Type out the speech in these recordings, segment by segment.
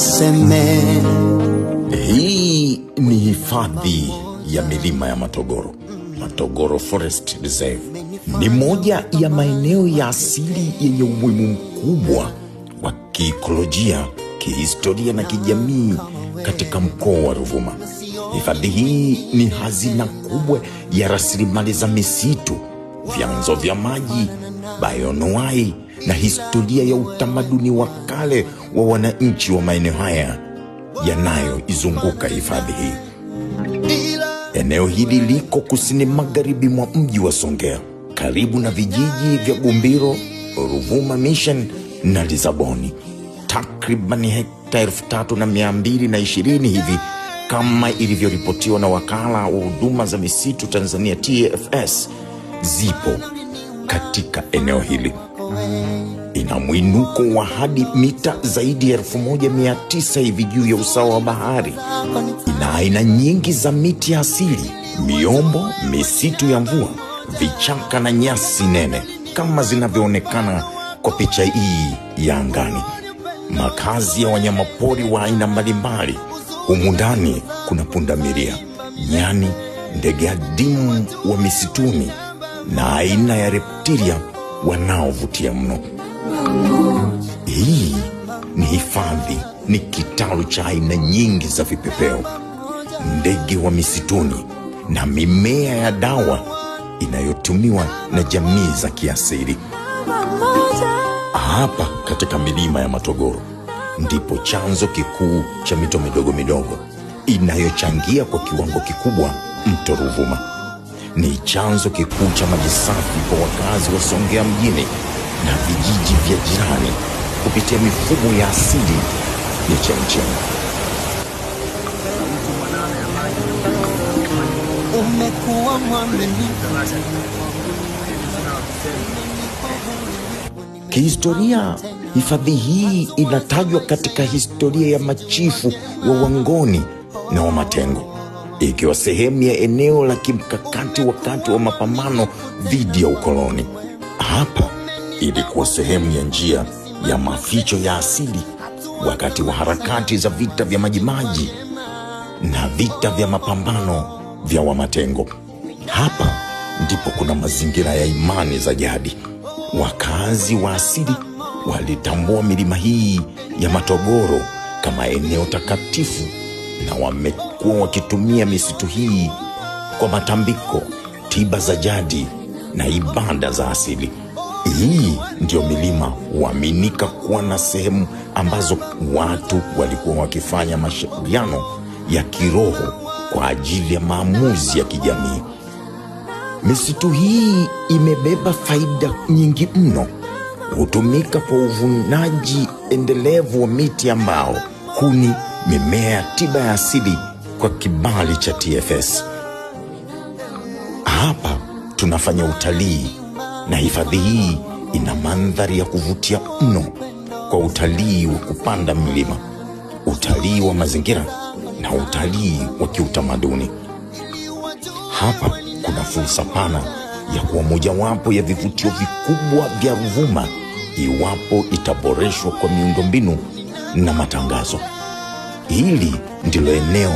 niseme. Hii ni hifadhi ya milima ya Matogoro, Matogoro Forest Reserve. Ni moja ya maeneo ya asili yenye umuhimu mkubwa wa kiikolojia, kihistoria na kijamii katika mkoa wa Ruvuma. Hifadhi hii ni hazina kubwa ya rasilimali za misitu, vyanzo vya maji bayonuai na historia ya utamaduni wa kale wa wananchi wa maeneo haya yanayoizunguka hifadhi hii. Eneo hili liko kusini magharibi mwa mji wa Songea, karibu na vijiji vya Gumbiro, Ruvuma Mission na Lisaboni. Takriban hekta elfu tatu na mia mbili na ishirini hivi kama ilivyoripotiwa na wakala wa huduma za misitu Tanzania TFS zipo katika eneo hili. Ina mwinuko wa hadi mita zaidi ya 1900 hivi juu ya usawa wa bahari. Ina aina nyingi za miti ya asili, miombo, misitu ya mvua, vichaka na nyasi nene kama zinavyoonekana kwa picha hii ya angani. Makazi ya wanyamapori wa aina mbalimbali. Humu ndani kuna pundamilia, nyani, ndege adimu wa misituni na aina ya reptilia wanaovutia mno. Hii ni hifadhi, ni kitalu cha aina nyingi za vipepeo, ndege wa misituni na mimea ya dawa inayotumiwa na jamii za kiasili. Hapa katika milima ya Matogoro ndipo chanzo kikuu cha mito midogo midogo inayochangia kwa kiwango kikubwa mto Ruvuma ni chanzo kikuu cha maji safi kwa wakazi wa Songea mjini na vijiji vya jirani kupitia mifumo ya asili ya chemchem. Umekuwa mwaminifu Kihistoria, hifadhi hii inatajwa katika historia ya machifu wa Wangoni na wa Matengo ikiwa sehemu ya eneo la kimkakati wakati wa mapambano dhidi ya ukoloni. Hapa ilikuwa sehemu ya njia ya maficho ya asili wakati wa harakati za vita vya Majimaji na vita vya mapambano vya Wamatengo. Hapa ndipo kuna mazingira ya imani za jadi. Wakazi wa asili walitambua milima hii ya Matogoro kama eneo takatifu na wame wamekuwa wakitumia misitu hii kwa matambiko, tiba za jadi na ibada za asili. Hii ndio milima huaminika kuwa na sehemu ambazo watu walikuwa wakifanya mashauriano ya kiroho kwa ajili ya maamuzi ya kijamii. Misitu hii imebeba faida nyingi mno. Hutumika kwa uvunaji endelevu wa miti ya mbao, kuni, mimea, tiba ya asili kwa kibali cha TFS. Hapa tunafanya utalii na hifadhi hii ina mandhari ya kuvutia mno kwa utalii wa kupanda mlima, utalii wa mazingira na utalii wa kiutamaduni. Hapa kuna fursa pana ya kuwa mojawapo ya vivutio vikubwa vya Ruvuma iwapo itaboreshwa kwa miundombinu na matangazo. Hili ndilo eneo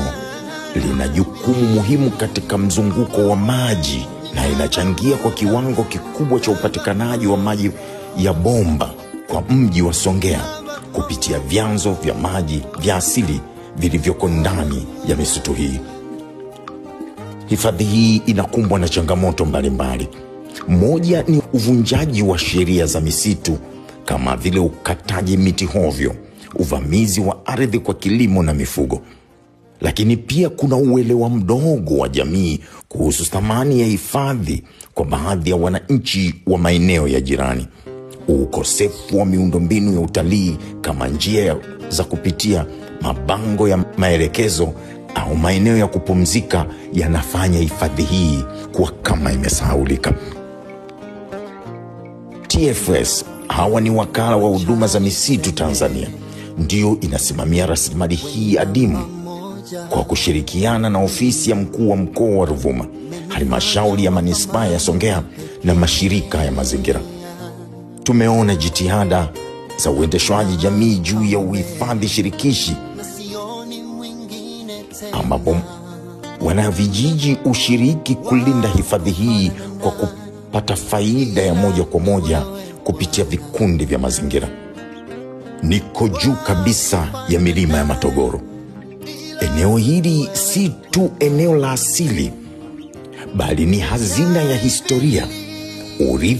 lina jukumu muhimu katika mzunguko wa maji na inachangia kwa kiwango kikubwa cha upatikanaji wa maji ya bomba kwa mji wa Songea kupitia vyanzo vya maji vya asili vilivyoko ndani ya misitu hii. Hifadhi hii inakumbwa na changamoto mbalimbali mbali. Moja ni uvunjaji wa sheria za misitu kama vile ukataji miti hovyo, uvamizi wa ardhi kwa kilimo na mifugo lakini pia kuna uelewa mdogo wa jamii kuhusu thamani ya hifadhi kwa baadhi ya wananchi wa maeneo ya jirani. Ukosefu wa miundombinu ya utalii kama njia za kupitia, mabango ya maelekezo au maeneo ya kupumzika yanafanya hifadhi hii kuwa kama imesahaulika. TFS hawa ni wakala wa huduma za misitu Tanzania, ndiyo inasimamia rasilimali hii adimu kwa kushirikiana na ofisi ya mkuu wa mkoa wa Ruvuma, halmashauri ya manispaa ya Songea na mashirika ya mazingira. Tumeona jitihada za uendeshwaji jamii juu ya uhifadhi shirikishi ambapo wanavijiji ushiriki kulinda hifadhi hii kwa kupata faida ya moja kwa moja kupitia vikundi vya mazingira. Niko juu kabisa ya milima ya Matogoro. Eneo hili si tu eneo la asili, bali ni hazina ya historia, urithi